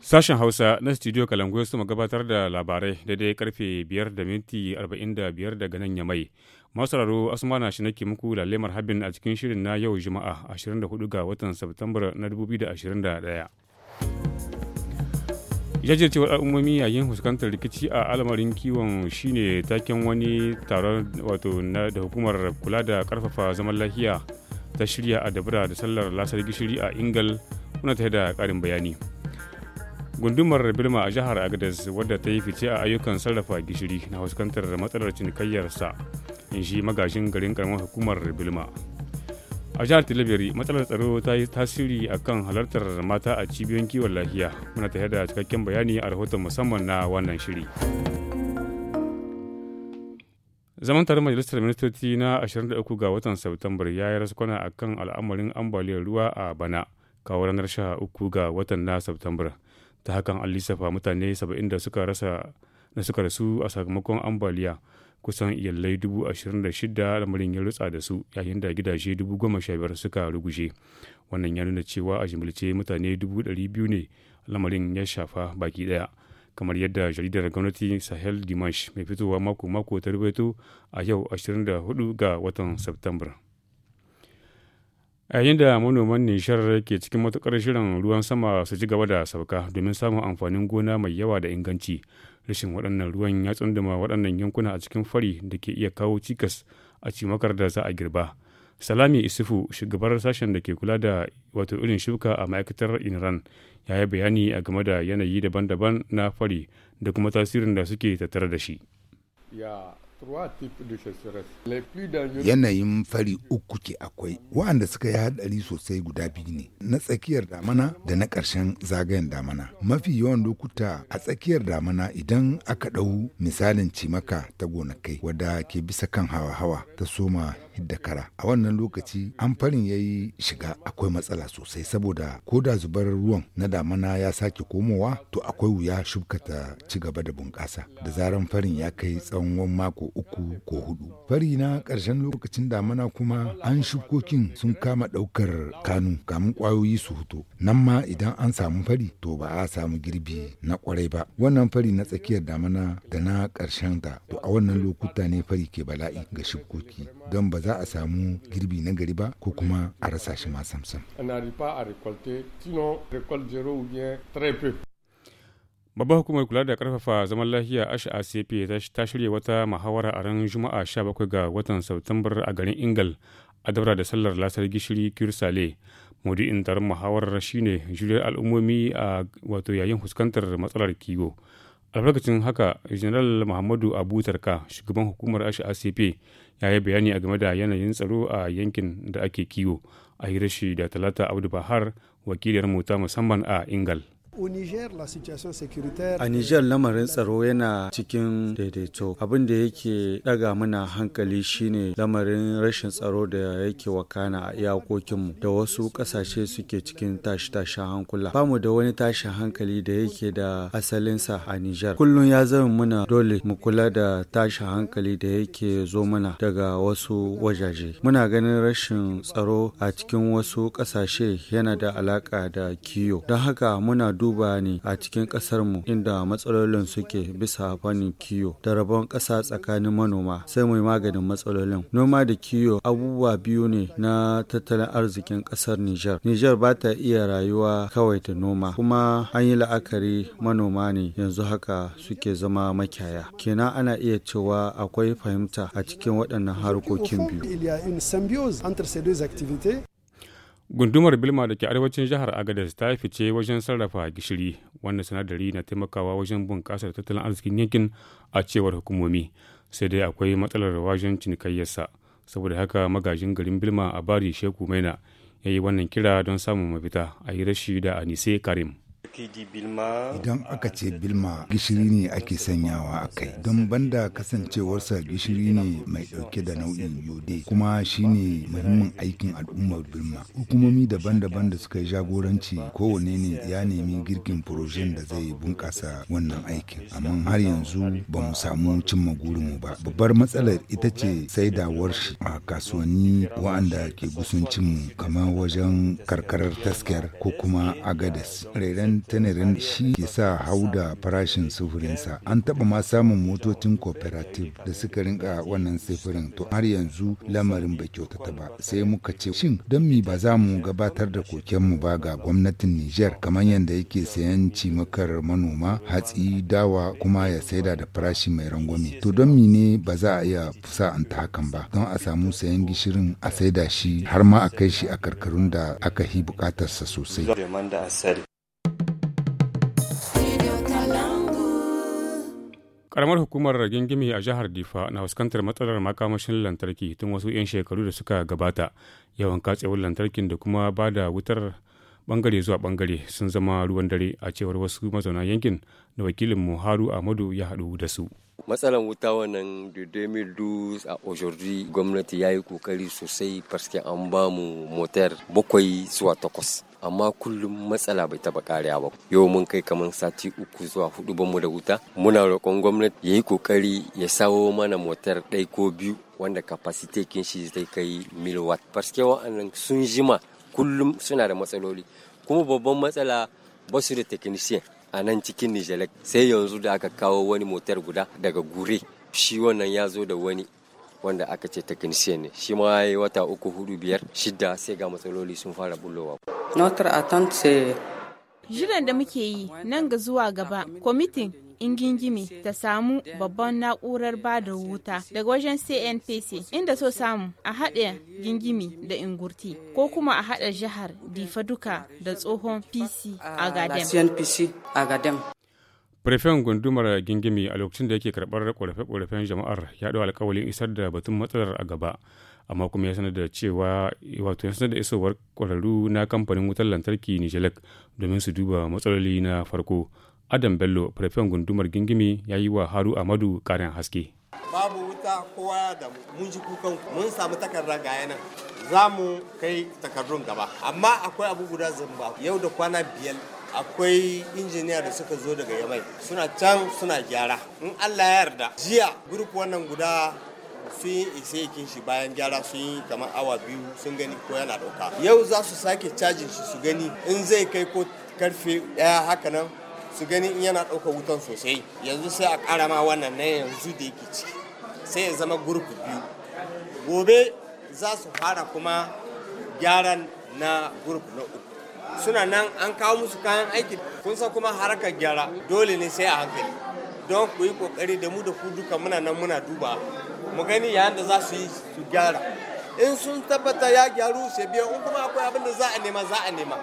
Sashen Hausa na Studio Kalangoyo su gabatar da labarai daidai karfe 5 da minti 45 daga nan yamai. Masararo Asmana shi nake muku lalemar habin a cikin shirin na yau Juma'a 24 ga watan Satumbar na 2021. jajircewar al'ummomi yayin fuskantar rikici a al'amarin kiwon shine taken wani taron wato da hukumar kula da karfafa zaman lafiya ta shirya a dabara da sallar lasar gishiri a ingal muna ta da karin bayani gundumar birma a jihar agadez wadda ta yi fice a ayyukan sarrafa gishiri na fuskantar matsalar cinikayyarsa in shi magajin garin karamar hukumar birma a jihar tilibiri matsalar tsaro ta yi tasiri akan halartar mata a cibiyoyin kiwon lafiya muna tare da cikakken bayani a rahoton musamman na wannan shiri zaman tare majalisar ministoci na 23 ga watan septembar ya yi raskwana a kan al'amarin ambaliyar ruwa a bana kawo ranar sha uku ga watan na septembar ta hakan an lissafa mutane 70 da suka rasa da suka rasu a sakamakon ambaliya kusan iyalai dubu ashirin da shida lamarin ya rutsa da su yayin da gidaje dubu goma sha biyar suka ruguje wannan ya nuna cewa a jimilce mutane dubu ɗari biyu ne lamarin ya shafa baki ɗaya kamar yadda jaridar gwamnati sahel dimash mai fitowa mako-mako ta rubaito a yau hudu ga watan september yayin da manoman nishar ke cikin matukar shirin ruwan sama su ci gaba da sauka domin samun amfanin gona mai yawa da inganci rashin waɗannan ruwan ya tsunduma waɗannan yankuna a cikin fari da ke iya kawo cikas a cimakar da za a girba salami isufu shugabar sashen da ke kula da wato irin shuka a ma'aikatar inran ya yi bayani a game da yanayi daban-daban na fari da kuma tasirin da suke tattare da shi Yanayin fari uku ke akwai, waɗanda suka yi haɗari sosai guda biyu ne, na tsakiyar damana da na ƙarshen zagayen damana. Mafi yawan lokuta a tsakiyar damana idan aka ɗau misalin cimaka ta gonakai wadda ke bisa kan hawa-hawa ta soma hidda kara. A wannan lokaci an farin ya yi shiga akwai matsala sosai saboda ko da zubar ruwan na damana ya sake komowa to akwai wuya shubka ta ci gaba da bunƙasa. Da zaran farin ya kai tsawon mako uku ko hudu. Fari na karshen lokacin damana kuma an shukokin sun kama ɗaukar kanu kamun kwayoyi su huto. Nan ma idan an samu fari to ba a samu girbi na ƙwarai ba. Wannan fari na tsakiyar damana da na ƙarshen ta to a wannan lokuta ne fari ke bala'i ga shukoki don ba za a samu girbi na gari ba ko kuma a rasa shi ma samsam. babbar hukumar kula da karfafa zaman lafiya asha acp ta shirya wata muhawara a ran juma'a 17 ga watan september a garin ingal a daura da sallar lasar gishiri kirsale maudu'in taron muhawarar shine juriyar al'ummomi a wato yayin fuskantar matsalar kiwo albarkacin haka general muhammadu abu tarka shugaban hukumar asha acp ya yi bayani a game da yanayin tsaro a yankin da ake kiwo a hirashi da talata abdu bahar wakiliyar mota musamman a ingal A Niger lamarin tsaro yana cikin daidaito. Abin da yake daga mana hankali shine lamarin rashin tsaro da yake wakana a iyakokinmu da wasu kasashe suke cikin tashi tashi hankula. Bamu da wani tashin hankali da yake da asalinsa a Niger. Kullum ya zama muna dole mu kula da tashi hankali da yake zo mana daga wasu wajaje. Muna ganin rashin tsaro a cikin wasu kasashe yana da alaka da kiyo. Don haka muna du duba ne a cikin mu inda matsalolin suke bisa fannin kiyo da rabon ƙasa tsakanin manoma sai mu maganin matsalolin. Noma da kiyo abubuwa biyu ne na tattalin arzikin ƙasar Nijar. Nijar ba ta iya rayuwa kawai ta noma kuma an yi la'akari manoma ne yanzu haka suke zama makiyaya. Kenan ana iya cewa akwai fahimta a cikin waɗannan harkokin biyu. Gundumar Bilma da ke arewacin jihar Agadez ta fice wajen sarrafa gishiri, wannan sinadari na taimakawa wajen bunƙasar tattalin arzikin yankin a cewar hukumomi, sai dai akwai matsalar wajen cinikayyarsa. Saboda haka magajin garin Bilma a bari Sheku Maina ya yi wannan kira don samun mafita a yi rashi da Anise Karim. Idan aka ce bilma gishiri ne ake sanyawa a kai don banda kasancewarsa gishiri ne mai ɗauke da nau'in yode kuma shi ne muhimmin aikin al'ummar bilma. Hukumomi daban-daban da suka yi jagoranci kowane ne ya nemi girkin furojen da zai bunƙasa wannan aikin. Amma har yanzu ba mu samu cimma gurinmu ba. Babbar matsalar ita ce saidawar shi a kasuwanni wa'anda ke gusuncinmu kamar wajen karkarar taskiyar ko kuma agades. 'yan tanarin shi ke sa hau da farashin sufurinsa an taɓa ma samun motocin cooperative da suka rinka wannan sufurin to har yanzu lamarin bai kyautata ba sai muka ce shin don mi ba za mu gabatar da kokenmu ba ga gwamnatin niger kamar yadda yake sayan cimakar manoma hatsi dawa kuma ya saida da farashi mai rangwame to don mi ne ba za a iya an ta hakan ba don a samu sayan gishirin a saida shi har ma a kai shi a karkarun da aka hi bukatarsa sosai. karamar hukumar gingimi a jihar difa na fuskantar matsalar makamashin lantarki tun wasu 'yan shekaru da suka gabata yawan katsewar lantarkin da kuma ba da wutar bangare zuwa bangare sun zama ruwan dare a cewar wasu mazauna yankin da wakilin muharu ahmadu ya haɗu da su matsalan wuta wannan da 2012 a aujourd'hui gwamnati ya yi kokari sosai parce an ba mu motar bakwai zuwa takwas amma kullum matsala bai taba kariya ba yau mun kai kamar sati uku zuwa hudu mu da wuta muna roƙon gwamnati ya yi kokari ya sawo mana motar ɗai ko biyu wanda capacity kin shi zai kai miliwat parce wa'annan sun jima kullum suna da matsaloli kuma babban matsala ba su da technician a nan cikin Nijar sai yanzu da aka kawo wani motar guda daga gure shi wannan ya zo da wani wanda aka ce technician ne shi ma ya wata uku hudu biyar shida sai ga matsaloli sun fara bullowa. Notar Atant Jiran da muke yi nan ga zuwa gaba, kwamitin ingingimi ta samu babban na'urar ba da wuta daga wajen cnpc inda so samu a haɗe gingimi da ingurti ko kuma a haɗa jihar difa duka da tsohon pc a gadem Prefen gundumar gingimi a lokacin da yake karɓar ƙorafe-ƙorafen jama'ar ya ɗau alƙawalin isar da batun matsalar a gaba, amma kuma ya sanar da cewa wato ya sanar da isowar ƙwararru na kamfanin wutar lantarki Nijalek domin su duba matsaloli na farko. adam bello farfen gundumar gingimi ya yi wa haru amadu karin haske babu wuta kowa da mun ji kukan mun samu takarda ga yanan za mu kai takardun gaba amma akwai abu guda zamba yau da kwana biyar akwai injiniya da suka zo daga yamai suna can suna gyara in allah ya yarda jiya grup wannan guda sun yi ikin shi bayan gyara sun yi kamar awa biyu sun gani ko yana dauka yau za su sake cajin shi su gani in zai kai ko karfe daya haka nan su gani in yana ɗaukar wutan sosai yanzu sai a ƙara ma wannan na yanzu da yake ciki sai ya zama gurfi biyu gobe za su fara kuma gyaran na gurfi na uku suna nan an kawo musu kayan aiki kun san kuma harkar gyara dole ne sai a hankali don ku yi kokari da mu da ku duka muna nan muna duba mu gani yayin da za su yi su gyara in sun tabbata ya gyaru sai biyan in kuma akwai abin da za a nema za a nema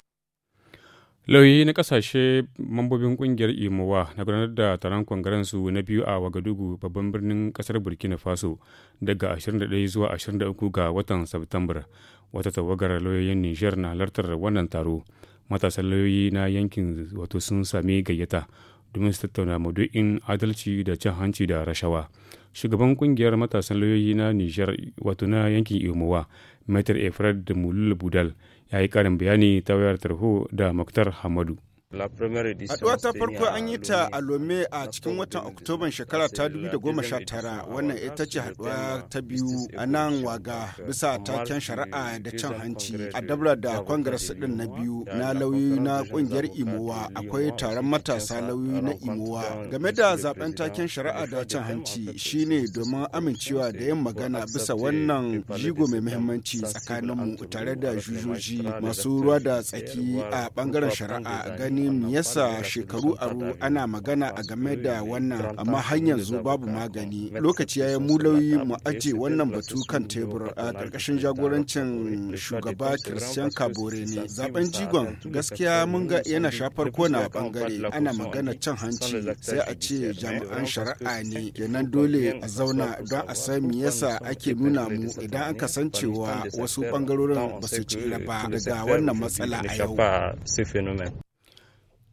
lauyi na kasashe mambobin kungiyar imowa na gudanar da taron kwangaransu na biyu a wagadugu babban birnin kasar burkina faso daga 21 zuwa 23 ga watan september wata tawagar lauyoyin niger na halartar wannan taro matasan lauyoyi na yankin wato sun sami gayyata domin su tattauna maudu'in adalci da cin hanci da rashawa shugaban kungiyar matasan lauyoyi na niger wato na yankin imowa metar efred mulul budal ya yi ƙarin bayani ta wayar tarho da Muktar Hamadu. Haɗuwa ta farko an yi ta a Lome a cikin watan Oktoban shekara ta 2019 wannan ita ce haɗuwa ta biyu a nan waga bisa taken shari'a da can hanci a dabra da kwangarsu din na biyu na lauyoyi na ƙungiyar Imowa akwai taron matasa lauyoyi na Imowa game da zaben taken shari'a da can hanci shine domin amincewa da yin magana bisa wannan jigo mai muhimmanci tsakaninmu tare da jujoji masu ruwa da tsaki a ɓangaren shari'a gani me yasa shekaru aru ana magana a game da wannan amma hanyar zo babu magani lokaci ya yi mu mu aje wannan batu kan tebur a ƙarƙashin jagorancin shugaba Christian Kabore ne zaben jigon gaskiya mun ga yana shafar kona bangare ana magana can hanci sai a ce jami'an shari'a ne kenan dole a zauna don a san me yasa ake nuna mu idan an kasancewa wasu bangarorin ba su ci ba daga wannan matsala a yau.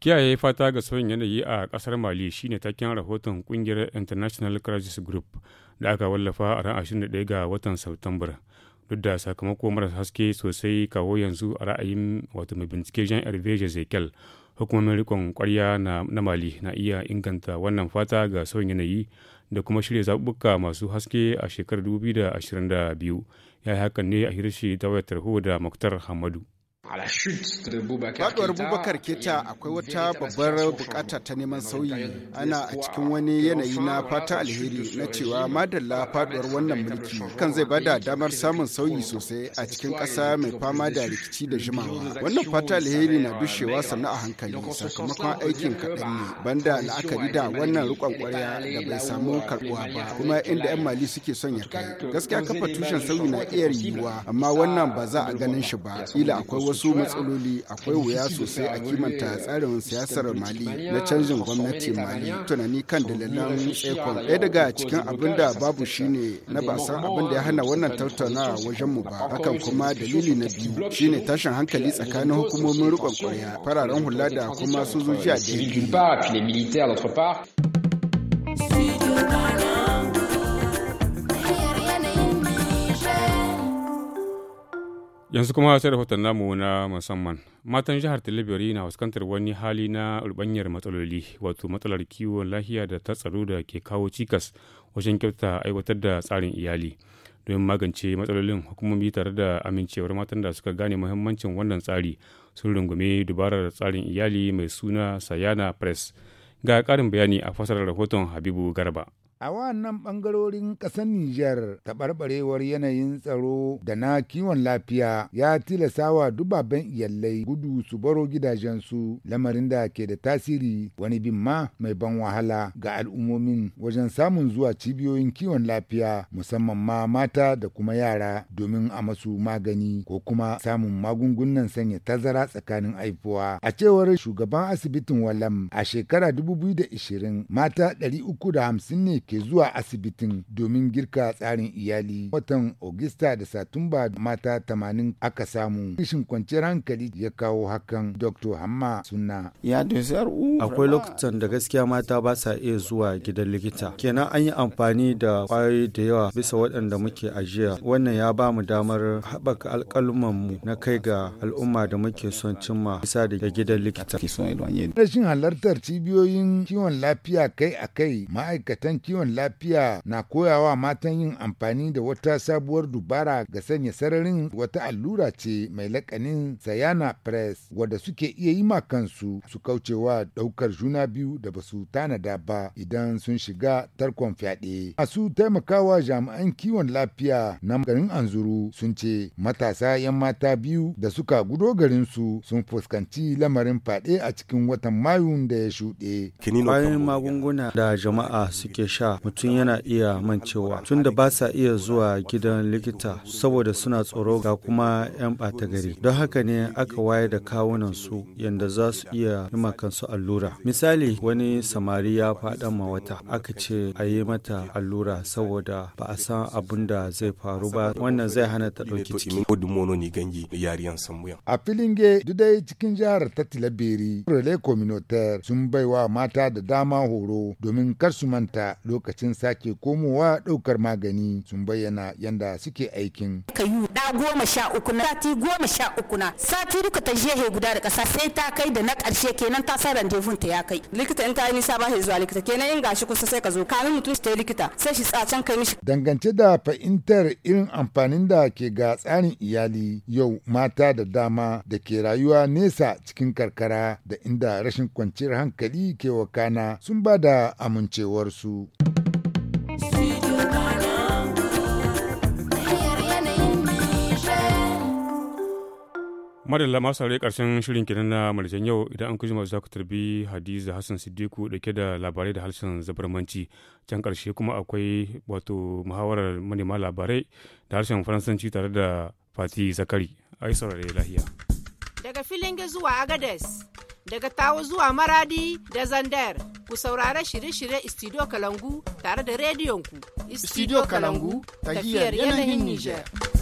Kiyaye fata ga sauyin yanayi a kasar Mali shine taken rahoton ƙungiyar International Crisis Group da aka wallafa a ran 21 ga watan Satumbar. Duk da sakamako mara haske sosai kawo yanzu a ra'ayin wato mai bincike Jean Hervé Jezekel, hukumomin rikon kwarya na, Mali na iya inganta wannan fata ga sauyin yanayi da kuma shirya zaɓuɓɓuka masu haske a shekarar 2022. Ya yi hakan ne a hirshi ta wayar tarho da Muktar Hamadu. Faduwar Bubakar Keta akwai wata babbar bukata ta neman sauyi ana a cikin wani yanayi na fata alheri na cewa madalla faduwar wannan mulki kan zai bada damar samun sauyi sosai a cikin ƙasa mai fama da rikici da jimawa. Wannan fata alheri na dushewa sannu a hankali sakamakon aikin kaɗan ne banda la'akari da wannan rikon ƙwarya da bai samu karbuwa ba kuma inda 'yan mali suke son ya kai. Gaskiya kafa tushen sauyi na iya yiwuwa amma wannan ba za a ganin shi ba. Ila wasu matsaloli akwai wuya sosai a kimanta tsarin siyasar mali na canjin gwamnati mali tunani kan dalilan tsekon ɗaya daga cikin abin da babu shine na ba san abin da ya hana wannan tattaunawa wajen mu ba hakan kuma dalili na biyu shine tashin hankali tsakanin hukumomin riƙon ƙwarya fararen hula da kuma sojoji a jirgin. yanzu kuma sai rahoton namu na musamman matan jihar tilibiri na fuskantar wani hali na ulbanyar matsaloli wato matsalar kiwon lahiya da ta tsaro da ke kawo cikas wajen kyauta aiwatar da tsarin iyali domin magance matsalolin hukumomi tare da amincewar matan da suka gane muhimmancin wannan tsari sun rungume dubarar tsarin iyali mai suna sayana press ga karin bayani a fasarar rahoton habibu garba A wannan ɓangarorin ƙasar Nijar, taɓarɓarewar yanayin tsaro da na kiwon lafiya ya wa dubaben iyalai gudu su baro gidajensu lamarin da ke da tasiri wani bin ma mai ban wahala ga al'ummomin wajen samun zuwa cibiyoyin kiwon lafiya musamman ma mata da kuma yara domin a masu magani ko kuma samun magungunan sanya tazara tsakanin aifuwa A cewar shugaban asibitin Walam a shekara 2020 mata 350 ne ke zuwa asibitin domin girka tsarin iyali watan Ogista da Satumba mata tamanin aka samu. Rashin kwanciyar hankali ya kawo hakan Dr. Hamma suna. u. Akwai lokutan da gaskiya mata ba sa iya zuwa gidan likita. Kenan an yi amfani da kwayoyi da yawa bisa waɗanda muke ajiya. Wannan ya ba mu damar haɓaka mu. na kai ga al'umma da muke son cimma bisa da gidan likita. Rashin halartar cibiyoyin kiwon lafiya kai a kai ma'aikatan kiwon kiwon lafiya na koyawa matan yin amfani da wata sabuwar dubara ga sanya sararin wata allura ce mai lakanin sayana press wadda suke iya yi ma kansu su kaucewa daukar juna biyu da basu tanada ba idan sun shiga tarkon fyaɗe. Masu taimakawa jami'an kiwon lafiya na garin Anzuru sun ce matasa 'yan mata biyu da suka gudo garin su sun fuskanci lamarin fyaɗe a cikin watan Mayun da ya shuɗe. magunguna da jama'a suke sha sha mutum yana iya mancewa tunda ba sa iya zuwa gidan likita saboda suna tsoro ga kuma 'yan ɓata gari don haka ne aka waye da kawunan su yadda za su iya nima kansu allura misali wani samari ya faɗa ma wata aka ce a yi mata allura saboda ba a san abin da zai faru ba wannan zai hana ta ɗauki ciki a filin ge dudai cikin jihar ta tilaberi relais communautaire sun baiwa mata da dama horo domin kar su manta lokacin sake komowa ɗaukar magani sun bayyana yadda suke aikin. Ka da goma sha uku na sati goma sha uku na sati duka ta jehe guda da ƙasa sai ta kai da na ƙarshe kenan ta sai rendezvous ta ya kai. Likita in ta yi nisa ba shi zuwa likita kenan in gashi kusa sai ka zo kamin mutum shi ta likita sai shi tsacen kai mishi. Dangance da fahimtar irin amfanin da ke ga tsarin iyali yau mata da dama da ke rayuwa nesa cikin karkara da inda rashin kwanciyar hankali ke wakana sun ba da amincewarsu. madalla masu sauri karshen shirin kenan na malishan yau idan an kuji masu tarbi hadiza hassan siddiku dauke da labarai da harshen zabarmanci can karshe kuma akwai wato muhawarar manema labarai da harshen faransanci tare da fati zakari ai saurare lahiya daga filin zuwa agades daga tawo zuwa maradi da zandar ku saurara shirye-shirye studio kalangu tare da rediyonku studio kalangu tafiyar yanayin niger